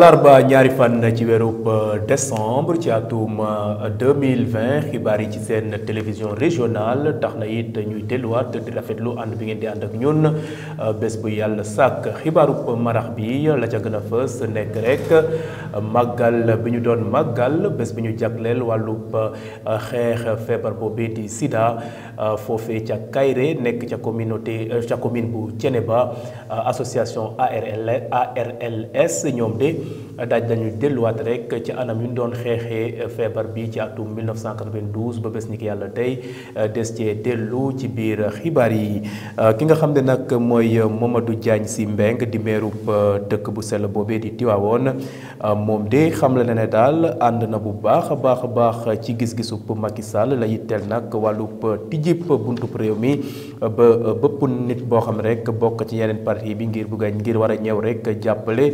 alarba ñaari fan ci euh, décembre ci 2020 euh, xibaar télévision régionale tax na it ñuy delluwaat di rafetlu ànd bi ngeen di ànd ak la Magal, biñu Maggal, doon màggal Waloup, bi ñu jagleel euh, Sida euh, fofé ca kayré nek euh, commune bu association ARL ARLS ñom de daaj dañu delluwaat rek ci anam yuñ doon xeexee feebar bi ci atum 1992 ba bés ni ki yàlla tey euh, des cee dellu ci biir xibaar yi euh, ki nga xam ne nag mooy euh, Mamadou Diagne si Mbeng di meerub dëkk bu sell boobee di Tiwaawoon moom de xam la ne daal ànd na bu baax a baax a baax ci gis-gisub Macky Sall la yitteel nag wàllub tijjib buntub réew mi ba bëpp nit boo xam rek bokk ci yeneen parti bi ngir bugg ngir war a ñëw rek jàppale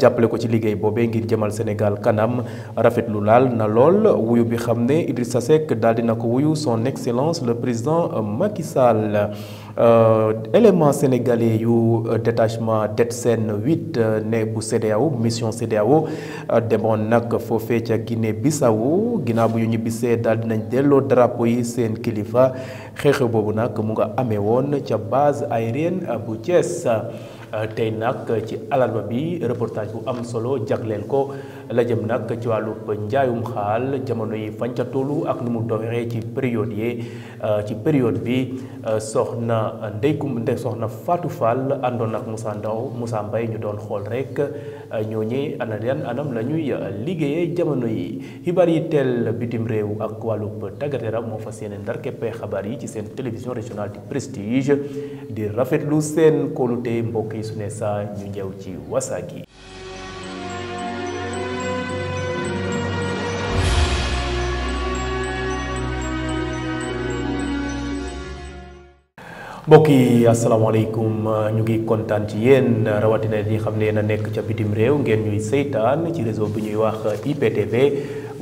jàppale ko ci liggéey liggéey boobee Senegal, Sénégal kanam rafet laal na lool wuyu bi xam Idrissa Sek, daal wuyu son excellence le président Macky Sall euh, élément sénégalais yu euh, détachement DETSEN 8 ne bu cdao mission cdao euh, demoon nag foofee ca Guinée Bissau ginnaaw bu ñu ñibbisee daal dinañ delloo drapeau yi seen kilifa xeexe boobu nag mu nga amee woon ca base aérienne bu tey nag ci alarba bi reportage bu am solo jagleel ko la jëm nag ci wàllub njaayum xaal jamono yi fañ ca ak nu mu doxee ci période yi euh, ci période bi euh, soxna Ndeye Coumba soxna faatu Fall àndoon ak Moussa Ndaw musaa mbay ñu doon xool rek euh, ñooñi ana yan anam la ñuy liggéeyee jamono yi xibaar yi teel bitim réew ak wàllub tàggat yaram moo fa yéene ndar keppee xabaar yi ci seen télévision régionale du prestige di rafetlu seen kóolute mbokk yi su ne saa ñu ñëw ci wasaak yi mbokk yi asalaamaaleykum ñu ngi kontaan ci yéen rawatina yi xam ne yéen a nekk ca bitim réew ngeen ñuy seytaan ci réseau bi ñuy wax IPTV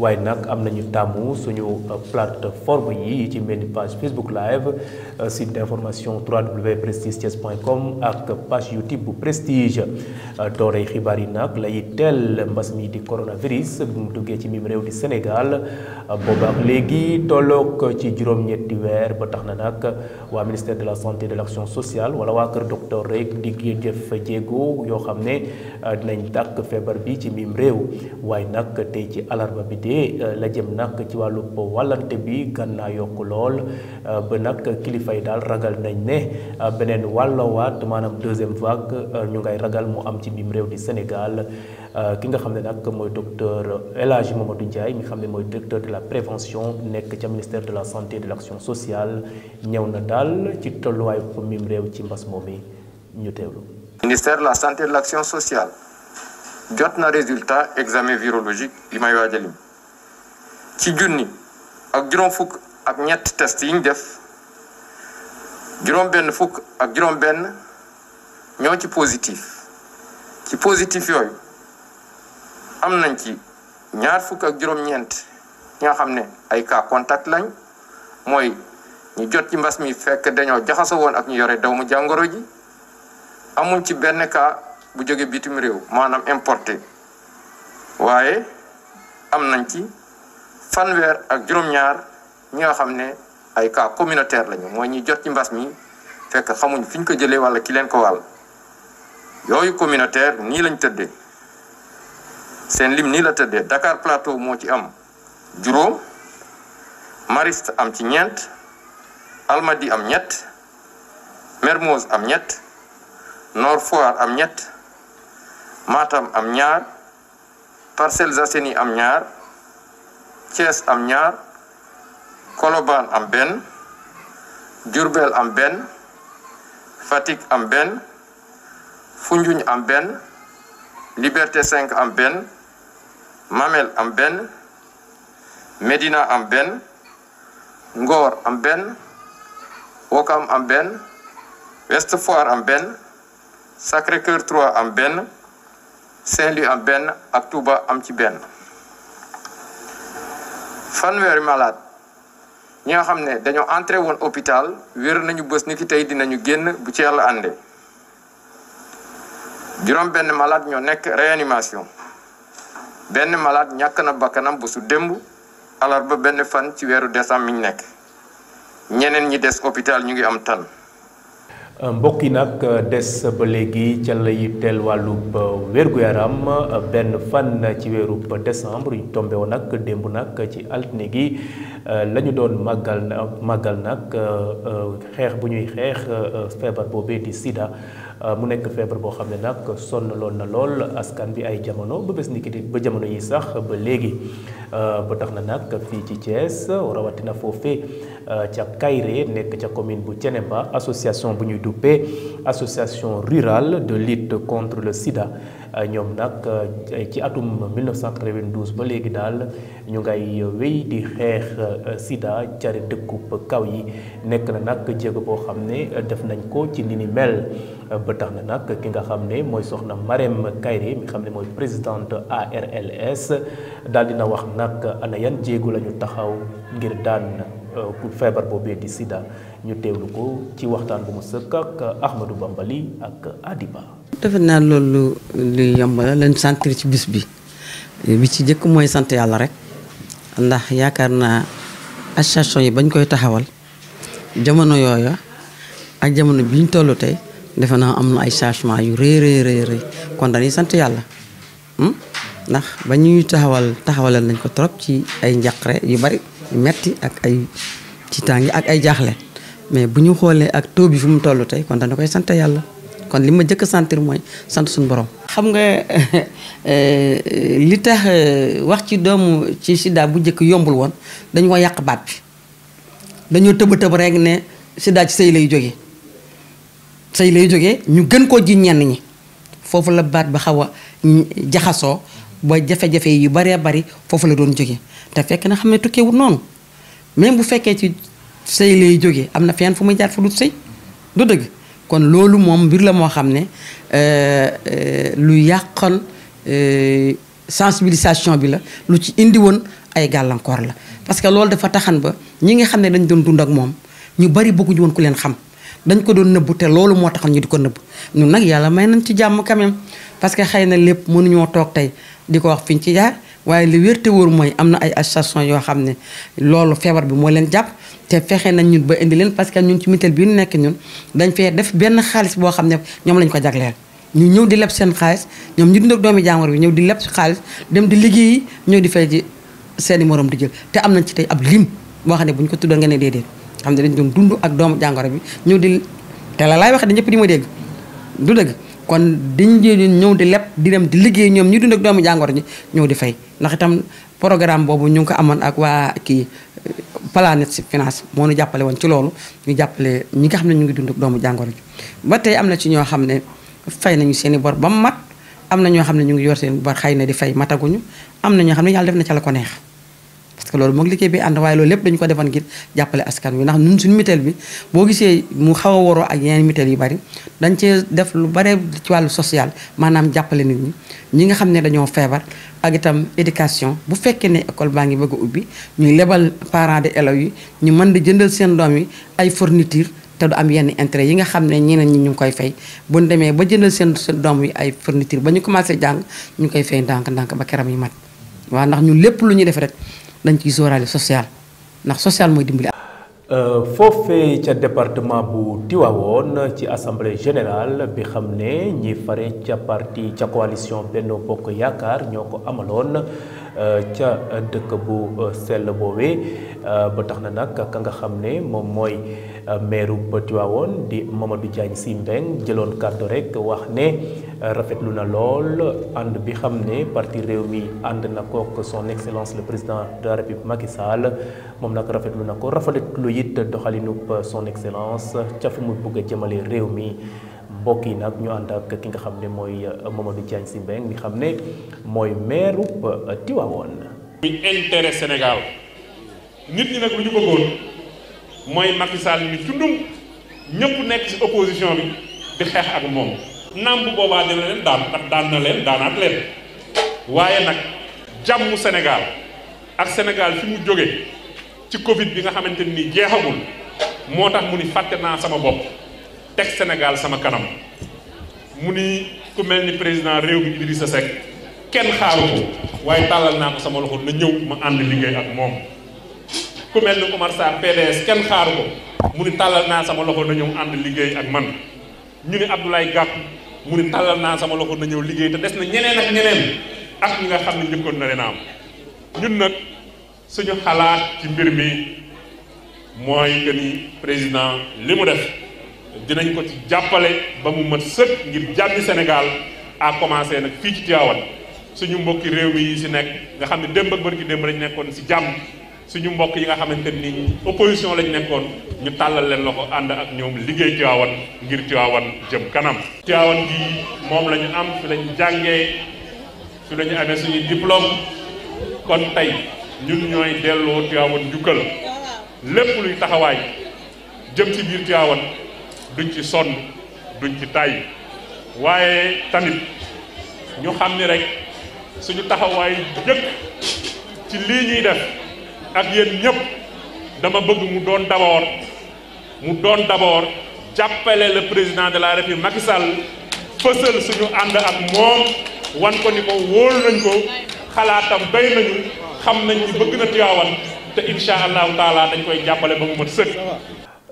waaye nag am nañu tamu suñu euh, plateforme yi ci mel page Facebook live euh, site d'information com, ak page YouTube prestige euh, doorey xibaar yi nag lay teel mbas di coronavirus bi mu duggee ci mim réew di Sénégal booba ak léegi tolloog ci juróom-ñetti weer ba tax na nag ministère de la santé de l'action sociale wala waa kër docteur rek di jëf jéego yoo xam ne dinañ tàkk feebar bi ci mim réew waaye nag tey ci alarba bi activité euh, la jëm nag ci walu wàllante bi gën naa lol lool euh, ba nak kilifa dal ragal nañ ne euh, beneen wàllawaat manam deuxième vague ñu ngay ragal mu am ci biim rew di Sénégal ki nga xam nak moy docteur Elage Hadji Mamadou Ndiaye mi xam moy docteur de la prévention nek ci ministère de la santé et de l'action sociale ñëw na daal ci tolluwaay bu miim rew ci mbass momi ñu tewlu ministère de la santé et de l'action sociale jot na résultat examen virologique li may waaj ci junni ak juróom fukk ak ñett test yi def juróom benn fukk ak juróom benn ñoo ci positif ci positif yooyu am nañ ci ñaar fukk ak juróom-ñeent ñi xam ne ay cas contact lañ mooy ñu jot ci mbas mi fekk dañoo jaxasoo woon ak ñu yore daw mu jàngoro ji amuñ ci benn cas bu jóge bitim réew maanaam importé waaye am nañ ci fanweer ak juróom-ñaar ñi nga xam ne ay ka communautaire lañu mooy ñi jot ci mbas mi fekk xamuñ fiñ ko jëlee wala ki leen ko wàll yooyu communautaire nii lañ tëddee seen lim nii la tëddee Dakar Plateau moo ci am juróom marist am ci ñeent Almadi am ñett Mermoz am ñett Nord Foire am ñett Matam am ñaar Parcelles Assainies am ñaar Thiès am ñaar Colobane am benn Diourbel am benn Fatick am benn Foundiougne am benn Liberté 5 am benn Mamel am benn Médina am benn Ngor am benn Ouakam am benn Ouest am benn Sacré-Cœur 3 am benn Saint-Louis am benn ak Touba am ci benn fanweeri malade ñi nga xam ne dañoo entré woon hôpital wér nañu bés ni ki tey dinañu génn bu ci yàlla ànde juróom benn malade ñoo nekk réanimation benn malade ñàkk na bakkanam bu su démb benn fan ci weeru décembre mi ñu nekk ñeneen ñi des hôpital ñu ngi am tan mbokk yi nag euh, des ba léegi ca lay teel wàllub euh, wér-gu-yaram euh, benn fan ci weerub décembre yu tombe woon nag démb nag ci altine gi la doon màggal màggal nag xeex bu ñuy xeex feebar boobee di sida mu nekk feebar boo xam ne nag sonn loon na lool askan bi ay jamono ba bés ni ki ba jamono yi sax ba léegi Euh, ba tax na nag fii ci Thiès na fofé euh, ca Kayré nek ca commune bu Thiénaba association bu ñuy duppee association rurale de lutte contre le sida euh, ñom nak ci atum 1992 ba légui dal ñu ngay wéy di xeex sida cari dëkkub kaw yi nek na nak jéego bo xamné ne def nañ ko ci ni ni mel ba tax na nag ki nga xam ne mooy soxna Marème Kairé mi xam ne mooy présidente ARLS daal dina wax nag ana yan jéego lañu taxaw ngir daan ku euh, feebar boobee di sida ñu teewlu ko ci waxtaan bu mu sëkk ak Ahmadou Bambali ak Adiba. defe naa loolu lu yomb la leen sentir ci bis bi bi ci njëkk mooy sant yàlla rek ndax yaakaar naa association yi bañ koy taxawal jamono yooya ak jamono bi ñu toll tey. defe naa am na ay changement yu rëy rëy rëy kon dañuy sant yàlla hmm? ndax ba ñuy taxawal taxawalal nañ ko trop ci ay njaqare yu bari metti ak ay ci tàngi ak ay jaaxle mais bu ñu xoolee ak taux bi fu mu toll tey kon dañu koy sant yàlla kon li ma jëkk a sentir mooy sant suñu borom. xam nga eh, li tax eh, wax ci doomu ci siddaa bu njëkk yombul woon dañu ko yàq baat bi dañoo tëba tëb rek ne sida ci sëy lay jóge sëy lay jógee ñu gën koo ji ñenn ñi foofu la baat ba ba jafe-jafe yu baree bari foofu la doon jógee te fekk na xam ne tukkeewut noonu même bu fekkee ci sëy lay jógee am na fenn fu muy jaar fu dul sëy du dëgg kon loolu moom mbir la moo xam ne euh, euh, lu yàqal euh, sensibilisation bi la lu ci indi won ay gàllankoor la parce que loolu dafa taxan ba ñi nga xam dañ doon dund ak moom ñu bari bëgguñu woon ku leen xam dañ ko doon nëbbu te loolu moo taxoon ñu di ko nëbbu ñun nag yàlla may nañ ci jàmm quand même parce que xëy na lépp mënuñoo toog tey di ko wax fiñ ci jaar waaye li wér te wóor mooy am na ay association yoo xam ne loolu feebar bi moo leen jàpp te fexe nañ ñun ba indi leen parce que ñun ci mutuelle bi ñu nekk ñun dañ fee def benn xaalis boo xam ne ñoom lañ ko jagleel ñu ñëw di leb seen xaalis ñoom ñu dund ak doomi jàngoro bi ñëw di leb xaalis dem di liggéeyi ñëw di fay ji seen i morom di jël te am nañ ci tey ab lim boo xam ne buñ ko nga ne déedéet xam ne dañ doon dund ak doomu jàngoro bi ñëw di te la laay waxee da ñëpp di ma dégg du dëgg kon dañ jël ñëw di lepp di dem di liggéey ñoom ñu dund ak doomu jàngoro ji ñëw di fay ndax itam programme boobu ñu ngi ko amoon ak waa kii Planète Finance moo nu jàppale woon ci loolu ñu jàppale ñi nga xam ne ñu ngi dund ak doomu jàngoro ji ba tey am na ci ñoo xam ne fay nañu seen i bor ba mu mat am na ñoo xam ne ñu ngi yor seen bor xëy ne di fay mataguñu am na ñoo xam ne yàlla def na ca la ko neex parce que loolu moom liggéey bi ànd waaye loolu lépp dañu ko defoon ngir jàppale askan wi ndax ñun suñu mutuelle bi boo gisee mu xaw a waroo ak yeneen mutuelle yu bari dañ cee def lu bare ci wàllu social maanaam jàppale nit ñi nga xam ne dañoo feebar ak itam éducation bu fekkee ne école baa ngi bëgg a ubbi ñuy lebal parents de élèves yi ñu mën di jëndal seen doom yi ay fourniture te du am yenn intérêt yi nga xam ne ñeneen ñi ñu ngi koy fay bu ñu demee ba jëndal seen doom yi ay fourniture ba ñu commencé jàng ñu koy fay ndànk ndànk ba keram yi mat waaw dañ ciy sóoraale social ndax social mooy dimbali. Euh, foofee ca département bu Tivaouane ci assemblée générale bi xam ne ñi fare ca parti ca coalition Benno Bokk Yaakaar ñoo ko amaloon euh, ca dëkk bu euh, sell boobee ba tax na nag ka nga xam ne moom mooy maire bu Tivaouane di Mamadou Diagne Sy Mbengue jëloon kàddu rek wax ne. rafetlu Luna lol and bi parti rewmi and na son excellence le président de la république Macky Sall Rafet nag rafetlu na ko rafetlu it son excellence ca mu bëgg jëmalé rewmi bokki nak ñu ànd ak ki nga xamné moy Mamadou mi maire intérêt Sénégal nit ñi nak lu ñu bëggoon moy Macky Sall ni tundum ñëpp ci opposition bi di xex ak naam bu boobaa dina leen daan ndax daan na leen daanaat leen waaye nag jàmmu Sénégal ak Sénégal fi mu jóge ci Covid bi nga xamante ni jeexagul moo tax mu ni fàtte naa sama bopp teg Sénégal sama kanam mu ni ku mel ni président réew mi Idrissa Seck kenn xaaru ko waaye tàllal naa ko sama loxo na ñëw ma ànd liggéey ak moom ku mel ni Oumar Sarr PDS kenn xaaru ko mu ni tàllal naa sama loxo na ñëw ànd liggéey ak man ñu ni Abdoulaye Gakou mu ne tàllal naa sama loxo na ñëw liggéey te des na ñeneen ak ñeneen ak mi nga xam ne njëkkoon na leen am ñun nag suñu xalaat ci mbir mi mooy que ni président li mu def dinañ ko ci jàppale ba mu mat sëkk ngir jàmmi Sénégal à commencer nag fii ci Tivaouane suñu mbokki réew mi yi si nekk nga xam ne démb ak barki démb lañ nekkoon si jàmm suñu mbokk yi nga xamante ni opposition lañ nekkoon ñu tàllal leen loxo ànd ak ñoom liggéey Tiwaawan ngir Tiwaawan jëm kanam Tiwaawan gi moom la ñu am fi lañ jàngee fi la ñu amee suñu diplôme kon tey ñun ñooy delloo Tiwaawan njukkal lépp luy taxawaay jëm ci biir Tiwaawan duñ ci sonn duñ ci tàyyi waaye tamit ñu xam ni rek suñu taxawaay jëkk ci lii ñuy def ak yéen ñépp dama bëgg mu doon d'abord mu doon d'abord jàppale la président de la République Macky Sall fësal suñu ànd ak moom wan ko ni ko wóol nañ ko xalaatam bay nañu xam nañ ni bëgg na Tiwaawan te incha allahu taala dañ koy jàppale ba mu mat sëkk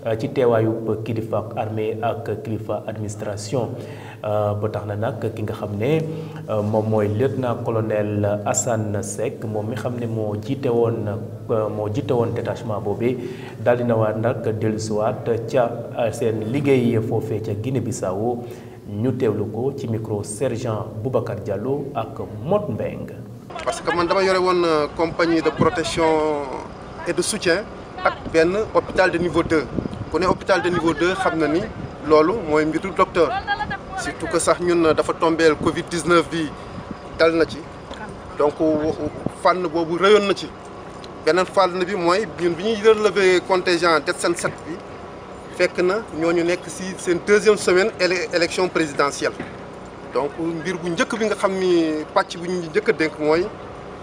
Euh, ci teewaayub kilifa ak armée ak kilifa administration euh, ba tax na nag ki nga xamné euh, mom moy lieutenant colonel Hassan Sek moom mi mo ne won mo woon won jiite détachement bobé dal dina na nak nag wat ca sen liguey fofé ca Guinée-Bissau ñu tewlu ko ci micro sergent Boubacar Diallo ak Mot Mbeng parce que man dama yoré won compagnie de protection et de soutien ak ben hôpital de niveau 2 ku ne hôpital de niveau 2 xam na ni loolu mooy mbiru docteur surtout que sax ñun dafa le Covid 19 bi dal na ci donc fànn boobu rëyoon na ci beneen fànn bi mooy ñun bi ñuy relever contingent DETSEN 7 bi fekk na ñooñu nekk si seen deuxième semaine élection présidentielle donc mbir bu njëkk bi nga xam ni bu ñu njëkk a dénk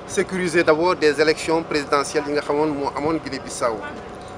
sécuriser d'abord des élections présidentielles yi nga xamoon moo amoon Guinée-Bissau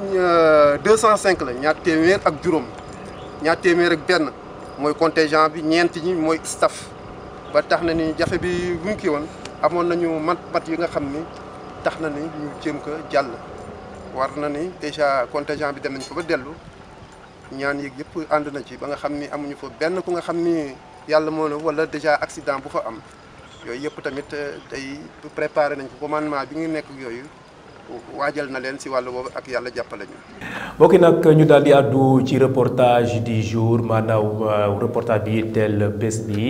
Euh, deux cent cinq la ñaar téeméer ak juróom ñaar téeméer ak benn mooy contingent bi ñeenti ñi mooy staff ba tax na ni jafe bi buñ kii woon amoon nañu mat mat yi nga xam ni tax na ni ñu jéem ko jàll war na ni déjà contingent bi dem nañ fa ba dellu ñaan yëg yëpp ànd na ci ba nga xam ni amuñu fa benn ku nga xam ni yàlla moo ne wala déjà accident bu fa am yooyu yëpp tamit euh, tey préparé nañ ko commandement bi ngi nekk yooyu waajal na leen si wàllu boobu ak yàlla jàppale ñu. mbokk nag ñu daldi di àddu ci reportage di jour maanaam euh, reportage bi teel bés bi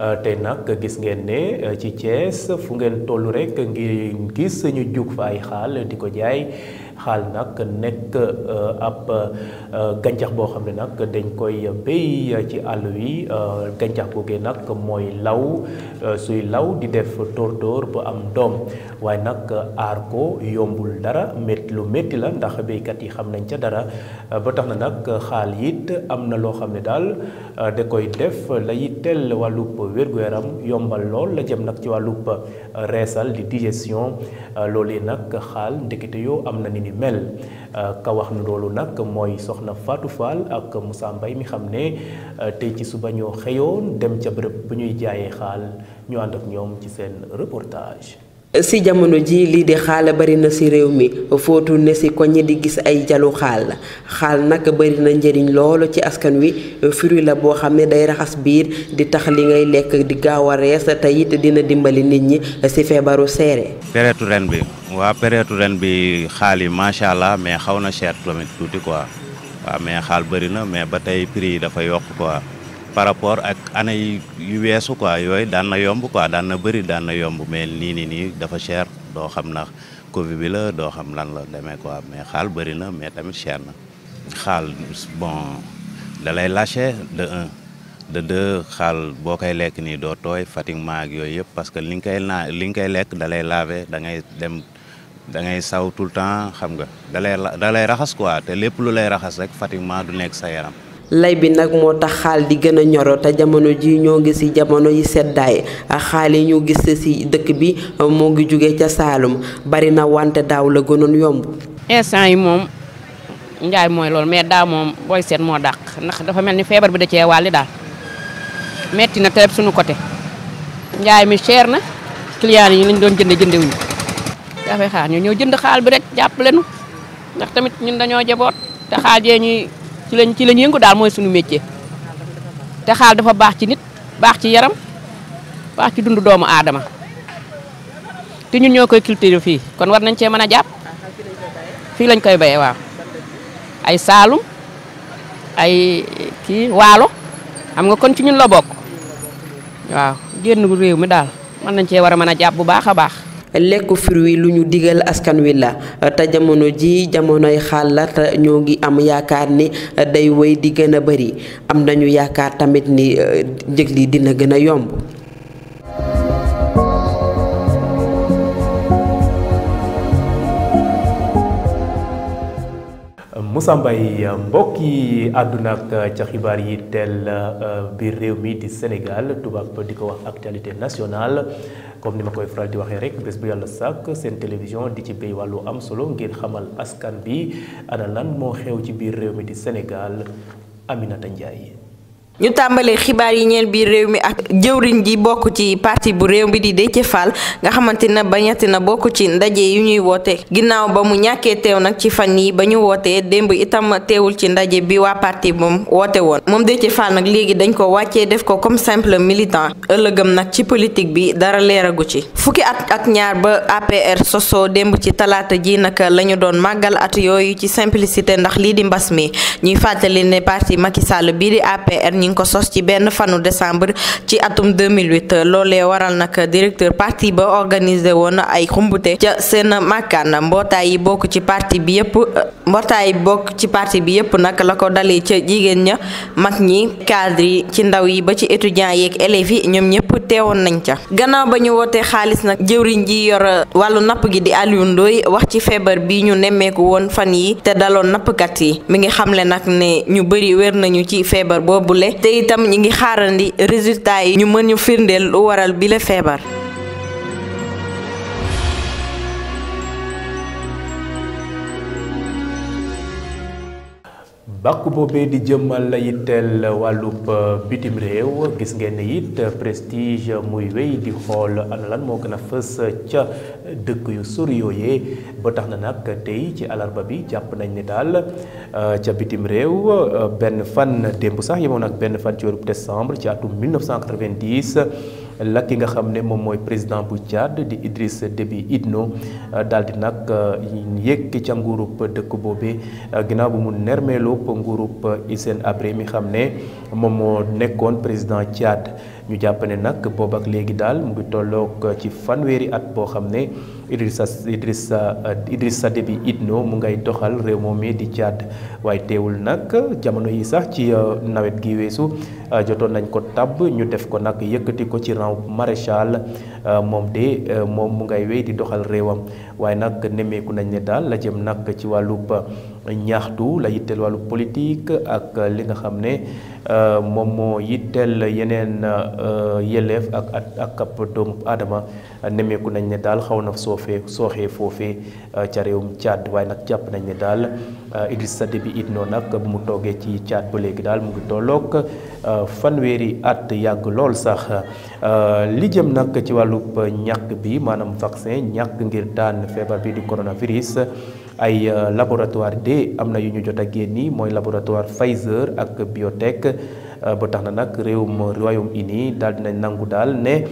euh, tey nag gis ngeen ne euh, ci Thiès fu ngeen toll rek ngir gis ñu jug fa ay xaal di ko jaay. xaal nag nekk euh, ab euh, gàncax boo xam ne nag dañ koy béy ci àll wi euh, gàncax googee nag mooy law suy law di def tóor-tóor bu am doom waaye nag aar ko yombul dara métti lu métti la ndax béykat yi xam nañ ca dara ba tax na nag xaal it am na loo xam ne daal da koy def la yitteel wàllub wér-gu-yaram yombal lool la jëm nag ci wàllub reesal di digestion loolee nag xaal ndekete yoo am na ni ni mel euh, ka wax na loolu nag mooy soxna faatu Fall ak Moussa Mbaye mi xam ne euh, tey ci suba ñoo xëyoon dem ca bërëb bu ñuy jaayee xaal ñu ànd ñoom ci seen reportage. si jamono ji lii di xaal bari na si réew mi footu ne si koñ di gis ay jalu xaal xaal nag bari na njëriñ loolu ci askan wi fruit la boo xam ne day raxas biir di tax li ngay lekk di gaaw a rees te it dina dimbali nit ñi si feebaru seere. deretu ren bi. waa période ren bi xaal yi macha allah mais xaw na cher tamit tuuti quoi waaw mais xaal bëri na mais ba tey prix yi dafa yokk quoi par rapport ak yu quoi daan na yomb quoi daan na bëri daan na yomb mais nii nii nii dafa cher doo xam Covid bi la doo xam lan la demee quoi mais xaal bëri na mais tamit cher na xaal bon da lay lâché de un de deux xaal boo koy lekk nii doo tooy fatiguement ak yooyu parce que laver da ngay dem. da ngay saw tout xam nga da lay da lay raxas quoi te lépp lu lay raxas rek fatiguement du nekk sa yaram. lay bi nag moo tax xaal di gën a ñoro te jamono ji ñoo ngi ci jamono yi seddaay ak xaal yi ñu gis ci dëkk bi moo ngi jóge ca Saalum bari na wante daaw la gënoon yomb. instant yi moom njaay mooy lool mais daaw moom booy seet moo dàq ndax dafa mel ni feebar bi da cee wàlli daal metti na te suñu côté njaay mi cher na client yi lañ doon jënde jëndewuñu dafay xaar ñoo ñëw jënd xaal bi rek jàppale nu ndax tamit ñun dañoo jaboot te xaal jee ñuy ci lañ ci lañ yëngu daal mooy suñu métier te xaal dafa baax ci nit baax ci yaram baax ci dundu doomu aadama ti ñun ñoo koy culture fii kon war nañ cee mën a jàpp fii lañ koy bayee waaw ay Saalum ay kii Waalo xam nga kon ci ñun la bokk waaw génn réew mi daal mën nañ cee war a mën a jàpp bu baax a baax. lekk wi lu ñu digal askan wi la te jamono ji jamonoy xaal la te ñoo ngi am yaakaar ni day woy di gën a bëri am nañu yaakaar tamit ni euh, njëg li dina gën a yomb Moussa Mbaye mbokk yi àdduna ak ca xibaar yi teel euh, biir réew mi di Sénégal tubaab di ko wax actualité nationale comme ni ma koy faral di waxee rek bés bu yàlla sàkk seen télévision di ci béy wàllu am solo ngir xamal askan bi ana lan moo xew ci biir réew mi di Sénégal Aminata Ndiaye. ñu tàmbalee xibaar yi ñeel biir réew mi ak jëwriñ ji bokk ci parti bu réew mi di Déthié Fall nga xamante ne ñetti na bokk ci ndaje yu ñuy woote ginnaaw ba mu ñàkkee teew nag ci fan yi ba ñu wootee démb itam teewul ci ndaje bi waa parti moom woote woon moom Déthié Fall nag léegi dañ ko wàccee def ko comme simple militant ëllëgam nag ci politique bi dara leeragu ci fukki at ak ñaar ba APR soso démb ci talaata ji nag lañu doon màggal at yooyu ci simplicité ndax lii di mbas mi ñuy fàttali ne parti Sall bii di APR ñi ci benn fanu décembre ci atum 2008 loolee waral nag directeur parti ba organisé woon ay xumbute ca seen màkkaan mbootaay yi bokk ci parti bi yëpp mbootaay bokk ci parti bi yëpp nag la ko dalee ca jigéen ña mag ñi cadre ci ndaw yi ba ci étudiants yeeg élèves yi ñoom ñëpp teewoon nañ ca gannaaw ba ñu wootee xaalis nag jëwriñ ji yor wàllu napp gi di Aliou wax ci feebar bi ñu nemmeeku woon fan yi te daloon nappkat yi mu ngi xamle nag ne ñu bëri wér nañu ci feebar boobule te itam ñi ngi xaarandi résultat yi ñu mën ñu firndeel lu waral bila feebar. bàkku boobee di jëmmal la yitteel wàllub euh, bitim réew gis ngeen ne it prestige muy wéy di xool ana lan moo gën a fës ca dëkk yu sori yooyee ba tax na nag tey ci alarba bi jàpp nañ ni daal euh, ca bitim réew euh, benn fan démb sax yemoon ak benn fan ci weeru décembre ci atum 1990 la ki nga xam ne moom mooy président bu Tchad di Idriss Déby Itno euh, daal di nag euh, yëkk ca nguurub dëkk boobee euh, ginnaaw bu mu nermeeloo nguurub Hissène Habré mi xam ne moom moo nekkoon président Tchad. ñu jàpp ne nag boobu ak léegi daal mu ngi tolloog ci fanweeri at boo xam ne Idrissa Idrissa Idrissa Déby Itno mu ngay doxal réew moom mi di Tchad waaye teewul nag jamono yi sax ci euh, nawet gi weesu euh, jotoon nañ ko tàbb ñu def ko nag yëkkati ko ci rang maréchal euh, moom de moom mu ngay wéy di doxal réewam waaye nag nemmeeku nañ ne daal la jëm nag ci wàllub ñaaxtu la yitteel wàllu politique ak li nga xam ne euh, moom moo yitteel yeneen euh, yelleef ak ak ak ab doomu aadama nemmeeku nañ ne daal xaw na soofee sooxee foofee euh, ca réewum Tchad waaye nag jàpp nañ ne daal Idrissa Déby noo nag bu mu toogee ci Tchad ba léegi daal mu ngi tolloog fanweeri at yàgg lool sax li jëm nag ci wàllu ñàkk bi maanaam vaccin ñàkk ngir daan feebar bi di coronavirus ay euh, laboratoire D am na yu ñu jot a génn mooy laboratoire Pfizer ak Biotech Eh, ba tax na nag réewum Royaume-Uni daal dinañ nangu dal ne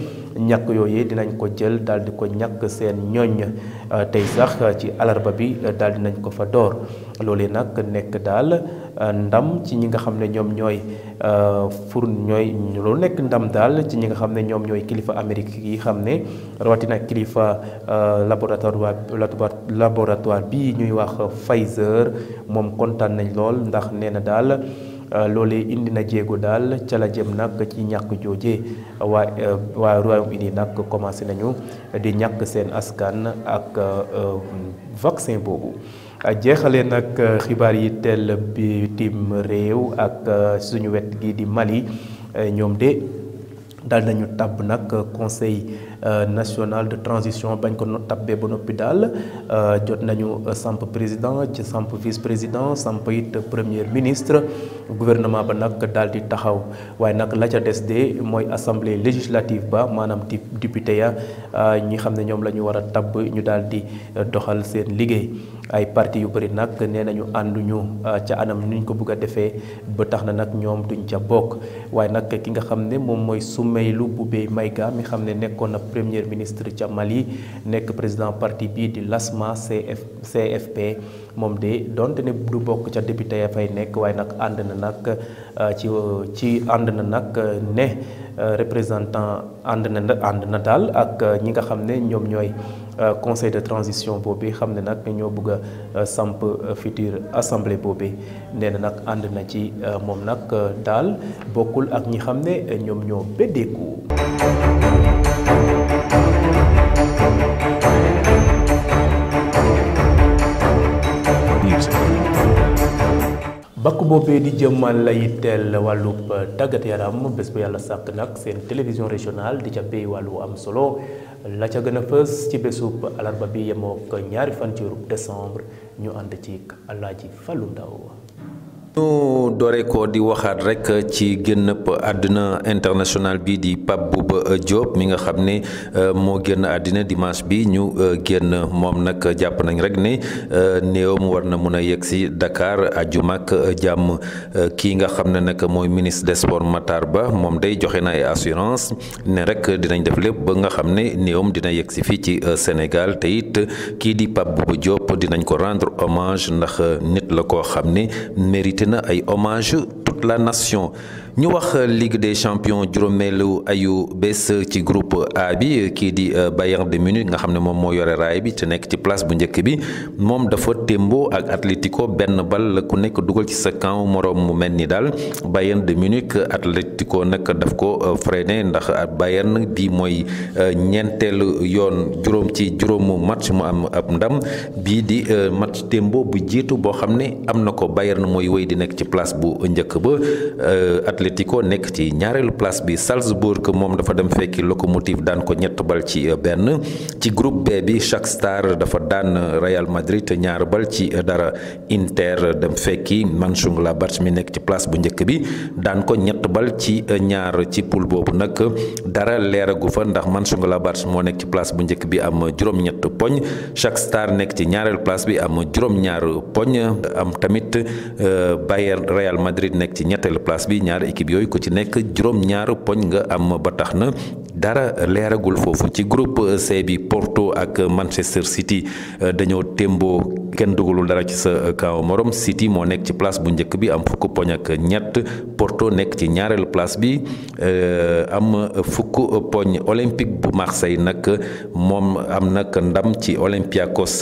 ñàkk yooyee dinañ ko jël daal di ko ñàkk seen ñooñ tey sax ci alarba bi eh, dal dinañ ko fa door loolee nag nekk daal ndam ci ñi nga xam ne ñoom fur ñooy loolu nekk ndam daal ci ñi nga xam ne ñoom kilifa amérique yi xam ne rawatina kilifa eh, laboratoire laboratoire bi ñuy wax Pfizer mom kontaan nañ lool ndax nee na Euh, loolee indi na jéego daal ca la jëm nag ci ñàkk jooje waa euh, waa Royaume-Uni nag commencé nañu di ñàkk seen askan ak euh, vaccin boobu. jeexalee nag xibaar yi teel bitim réew ak suñu wet gi di Mali ñoom de dal nañu tàbb nag conseil. Euh, nationale de transition bañ ko tabbe ba noppi daal euh, jot nañu euh, samp président ci samp vice président samp it premier ministre gouvernement ba nag daal di taxaw way nak la ca dess de moy assemblée législative ba manam di député ya ñi xam ñom lañu wara tab ñu daal di doxal seen liguey ay partie yu bëri nag nee nañu ànduñu euh, ca anam ni ñu ko bëgg a defee ba tax na nag ñoom duñ ca bokk waaye nag ki nga xam ne moom mooy Soumeylou Boubèye Maïga mi xam ne nekkoon na premier ministre ca Mali nekk président parti bii di LASMA CF CFP moom de donte ne du bokk ca député ya fay nekk waaye nag ànd na nag euh, ci ci ànd na nag euh, ne représentant ànd na ànd na daal ak ñi nga xam ne ñoom ñooy. Euh, conseil de transition Bobé. xamné nak nag ñoo bëgg euh, samp euh, future assemblée Bobé. nee nak and na ci mom nak dal bokul ak ñi xamné ñom ñoo ñoo ko bakku bobé di jëmmal lay teel walu tàggat yaram bés bu yalla sàkk nak seen télévision régionale di ca walu am solo. la ca gën a fës ci bésub alarba bi yemook ñaari fan ci ñu ànd ci Alaaji Fallu Ndaw dooree di waxaat rek ci génnëpp àddina internationale bii di Pape Bouba Diop mi nga xam ne euh, moo génn àddina dimanche bi ñu euh, génn moom nag jàpp nañ rek ne euh, néewam war na mun a yegg si Dakar àjjuma ak jàmm kii nga xam ne nag mooy ministre des sports Matar Ba moom day joxe na ay assurance ne rek dinañ def lépp ba nga xam ne néewam dina yegg si fii ci Sénégal te it kii di Pape Bouba Diop dinañ ko rendre hommage ndax nit la koo xam ne mérité na ay hommage jeu toute la nation. ñu wax Ligue des champions juróomeelu ayu bés ci groupe A bi kii di euh, Bayern de Munich nga xam ne moom moo yore raay bi te nekk ci place bu njëkk bi moom dafa témboo ak Atlético benn bal la ku nekk dugal ci sa camp moroom mu mel ni daal Bayern de Munich Atlético nag daf ko euh, freiné ndax Bayern bi mooy euh, ñeenteelu yoon juróom ci juróomu match mu am ab ndam bii di match témboo bu jiitu boo xam ne am na ko Bayern mooy wéy di nekk ci place bu njëkk ba Atlético nekk ci ñaareelu place bi Salzbourg moom dafa dem fekki locomotive daan ko ñett bal ci euh, benn ci groupe B bi Shakhtar dafa daan euh, Real Madrid ñaar bal ci euh, dara Inter dem fekki Mönchengladbach mi nekk ci place bu njëkk bi dan ko ñett bal ci ñaar ci poule boobu nag dara leeragu fa ndax Mönchengladbach moo nekk ci place bu njëkk bi am juróom-ñett poñ Shakhtar nekk ci ñaareelu place bi am juróom-ñaar poñ am tamit Bayern Real Madrid nekk ci ñetteelu place bi ñaar équipe yooyu ko ci nekk juróom-ñaar poñ nga am ba tax na dara leeragul foofu ci groupe C bi Porto ak Manchester City dañoo témboo kenn dugalul dara ci sa kaw morom City moo nekk ci place bu njëkk bi am fukk poñ ak ñett Porto nekk ci ñaareelu place bi euh, am fukk poñ Olympique bu Marseille nag moom am nag ndam ci Olympiakos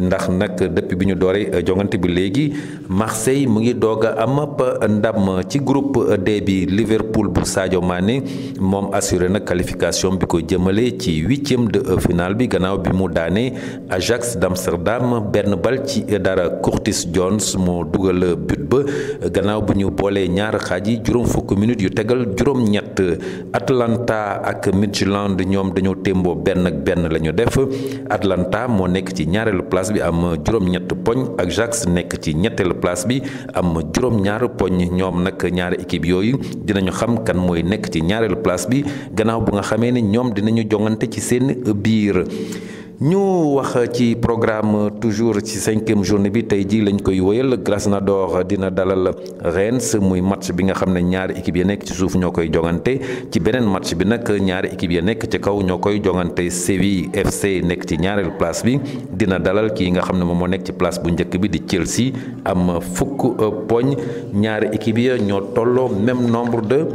ndax nag depuis bi ñu dooree euh, jongante bi léegi Marseille mu ngi doog a am euh, ndam ci groupe D bi Liverpool bu Sadio Mané moom assuré na qualification bi ko jëmale ci huitième de euh, finale bi gannaaw bi mu daanee Ajax d'Amsterdam benn bal ci dara Curtis Jones moo dugal. ba gannaaw bu ñu boolee ñaari xaaj yi juróom fukk minutes yu tegal juróom-ñett Atlanta ak Midland ñoom dañoo témboo benn ak benn la ñu def Atlanta moo nekk ci ñaareelu place bi am juróom-ñett poñ ak Ajax nekk ci ñetteelu place bi am juróom-ñaar poñ ñoom nag ñaari équipe yooyu dinañu xam kan mooy nekk ci ñaareelu place bi gannaaw bu nga xamee ne ñoom dinañu jongante ci seen biir. ñu wax ci programme toujours ci cinquième journée bi tey jii lañ koy na Krasnodar dina dalal Reims muy match bi nga xam ne ñaari équipe ya nekk ci suuf ñoo koy jongante ci beneen match bi nag ñaari équipe ya nekk ci kaw ñoo koy jongante Séville FC nekk ci ñaareelu place bi dina dalal kii nga xam ne moom moo nekk ci place bu njëkk bi di Chelsea am fukk poñ ñaari équipe ya ñoo tolloo même nombre de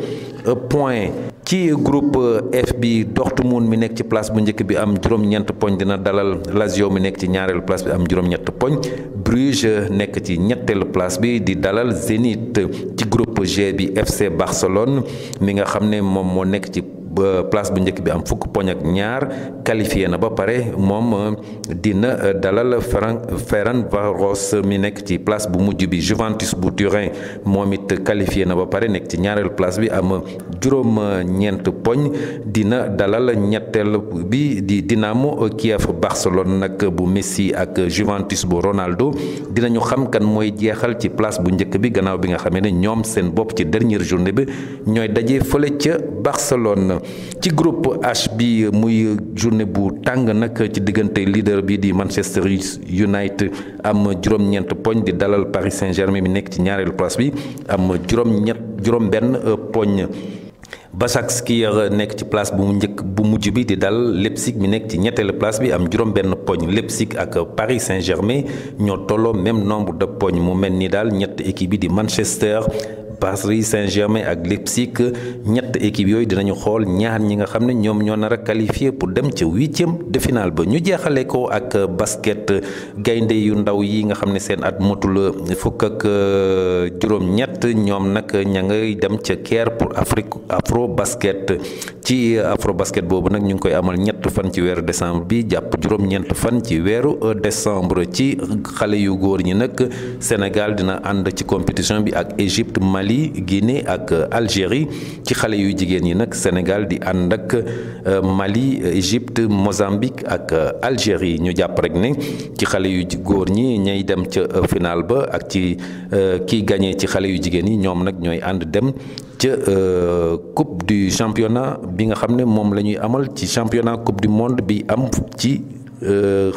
points. ci groupe FB, bi Dortmund mi nekk ci place bu njëkk bi am juróom ñent poñ dina dalal Lazio mi nekk ci ñaareelu place bi am juróom ñett poñ Bruges nekk ci ñetteelu place bi di dalal Zenit ci groupe G bi FC Barcelone mi nga xam ne moom moo ci ba place bu njëkk bi am fukk poñ ak ñaar qualifié na ba pare moom euh, dina euh, dalal Ferenc Ferencváros mi nekk ci place bu mujj bi Juventus bu Turin moom it qualifié na ba pare nekk ci ñaareel place bi am juróom ñeent poñ dina dalal ñetteel bi di Dinamo Kiev Barcelone nag bu Messi ak Juventus bu Ronaldo dinañu xam kan mooy jeexal ci place bu njëkk bi gannaaw bi nga xame ne ñoom seen bopp ci dernière journée bi ñooy daje fële ca Barcelone ci group H bi muy journée bu tàng nag ci diggante leader bi di Manchester unite am juróom-ñeent poñ di dalal Paris Saint-Germain bi nekk ci ñaareelu place bi am juróom-ñett juróom-benn poñ. Başakşehir nekk ci place bu njëkk bu mujj bi di dal Leipzig mi nekk ci ñetteelu place bi am juróom-benn poñ Leipzig ak Paris Saint-Germain ñoo tolloo même nombre de poñ mu mel ni daal ñett équipe bi di Manchester. Paris Saint-Germain ak Leipzig ñett équipe yooyu dinañu xool ñaar ñi nga xam ne ñoom ñoo nar a qualifié pour dem ca huitième de finale ba ñu jeexale ko ak basket gaynde yu ndaw yi nga xam ne seen at motul fukk ak euh, juróom ñett ñoom nag ña ngay dem ca Caire pour Afrique afro basket ci afro basket boobu nag ñu koy amal ñett fan ci weeru décembre bi jàpp juróom-ñeent fan ci weeru euh, décembre ci xale yu góor ñi nag Sénégal dina ànd ci compétition bi ak Égypte Mali Mali Guinée ak Algérie ci xale yu jigéen yi nag Sénégal di ànd ak euh, Mali Égypte Mozambique ak euh, Algérie ñu jàpp rek ne ci xale yu góor ñi ñay dem ca euh, final ba ak ci kiy gagné ci xale yu jigéen yi ñoom nag ñooy ànd dem ca coupe du championnat bi nga xam ne moom la ñuy amal ci championnat coupe du monde bi am ci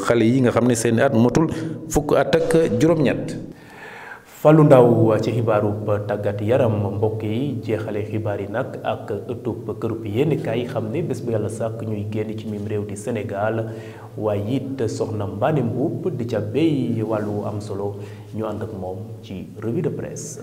xale yi nga xam ne seen at motul fukk at ak juróom-ñett. Fallou Ndaw ci xibaarub tàggat yaram mbokk yi jeexale xibaar yi nag ak ëttub kërub yéenekaay yi xam ne bés bu yàlla sàkk ñuy génn ci miim réew di Sénégal waaye it soxna Mbane Mbuub di ca béy wàllu am solo ñu ànd ak moom ci revue de presse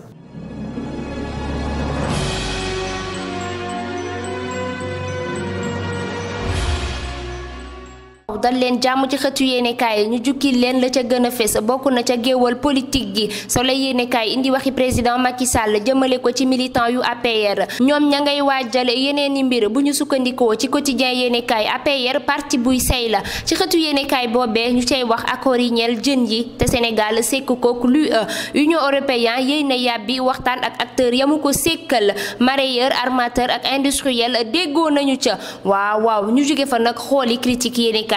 dal leen jàmm ci xëtu yéenekaay yi ñu jukki leen la ca gën a fes bokk na ca géewal politique gi solo yéenekaay indi waxi président Macky Sall jëmale ko ci militant yu APR ñoom ña ngay waajal yeneen i mbir bu ñu sukkandikoo ci quotidien yéenekaay APR parti buy say la ci xëtu yéenekaay boobee ñu cay wax accord yi ñeel jën yi te Sénégal sekk kook lu Union européenne yéy na yàbbi waxtaan ak acteur yamu ko sekkal mareyeur armateur ak industriel déggoo nañu ca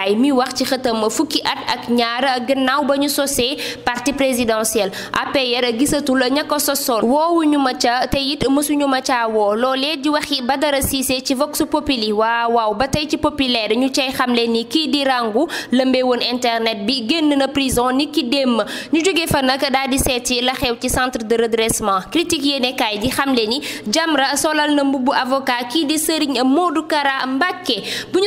Ndiaye mi wax ci xëtam fukki at ak ñaar gannaaw ba ñu sosee parti présidentiel APR gisatul ña ko sosoon woowuñu ma ca te it mësuñu ma ca woo loolee di wax ba dara Cissé ci Vox Populi waaw waaw ba tey ci populaire ñu cay xamle ni kii di Rangou lëmbee woon internet bi génn na prison ni ki démb ñu jóge fa nag daal di seeti la xew ci centre de redressement critique yéenekaay di xamle ni Jamra solal na mbubbu avocat kii di sëriñ Modou Kara Mbacké bu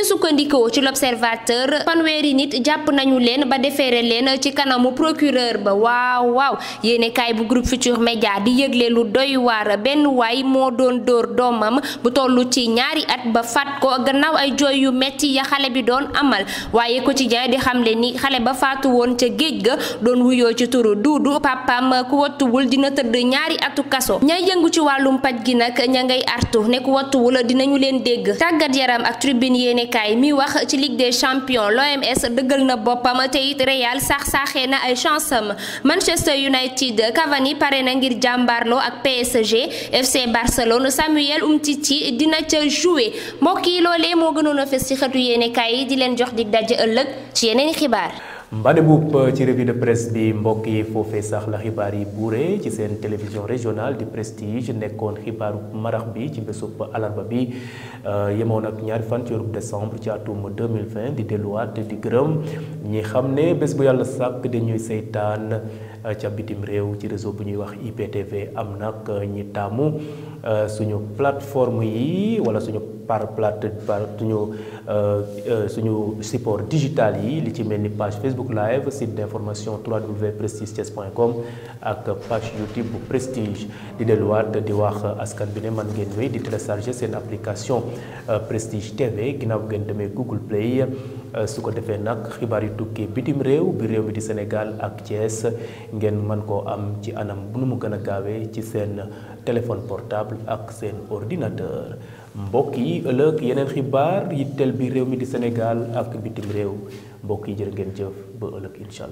heure fanweeri nit jàpp nañu leen ba defeere leen ci kanamu procureur ba waaw waaw yéenekaay kaay bu groupe Futurs Médias di yëgle lu doy waar benn waay moo doon dóor doomam bu toll ci ñaari at ba faat ko gannaaw ay jooy yu metti ya xale bi doon amal waaye quotidien di xamle ni xale ba faatu woon ca géej ga doon wuyoo ci turu duudu papam ku wattuwul dina tëdd ñaari atu kaso ñay yëngu ci wàllum paj gi nag ña ngay artu ne ku wattuwul dinañu leen dégg tàggat yaram ak champion l'OMS dëggal na boppam te it Real saax-saaxee na ay chance am Manchester United Cavani pare na ngir jàmbaarloo ak PSG FC Barcelone Samuel ci dina ca jouer mbokk yi loolee moo gënoon a fes ci xëtu yéene kaay yi di leen jox di daje ëllëg ci yeneen xibaar mbanebub eh, ci revue de presse bi mbokk yi foofee sax la xibaar yi buure ci seen télévision régionale di prestige nekkoon xibaaru marax bi ci bésub alarba bi eh, yemoon ak ñaari fan ci weeru décembre ci atum 2020 di delluwaat di gërëm ñi xam ne bés bu yàlla sàkk dañuy seytaan eh, ca bitim réew ci réseau bu ñuy wax IPTV am nag ñi taamu suñu plateforme yi wala suñu par plate par suñu euh, euh, suñu support digital yi li ci melni page Facebook live site d'information www.prestigethies.com ak page YouTube bu Prestige di delluwaat di wax askan bi ne man ngeen wéy di télécharger seen application euh, Prestige TV ginnaaw ngeen demee Google Play su ko defee nag xibaar yu tukkee bitim réew bi réew mi di Sénégal ak Thiès ngeen man koo am ci anam bu nu mu gën a gaawee ci seen téléphone portable ak seen ordinateur mbokk yi ëllëg yeneen xibaar yitteel bi réew mi di Sénégal ak bitim réew mbokk yi jërë ngeen jëf ba ëllëg incha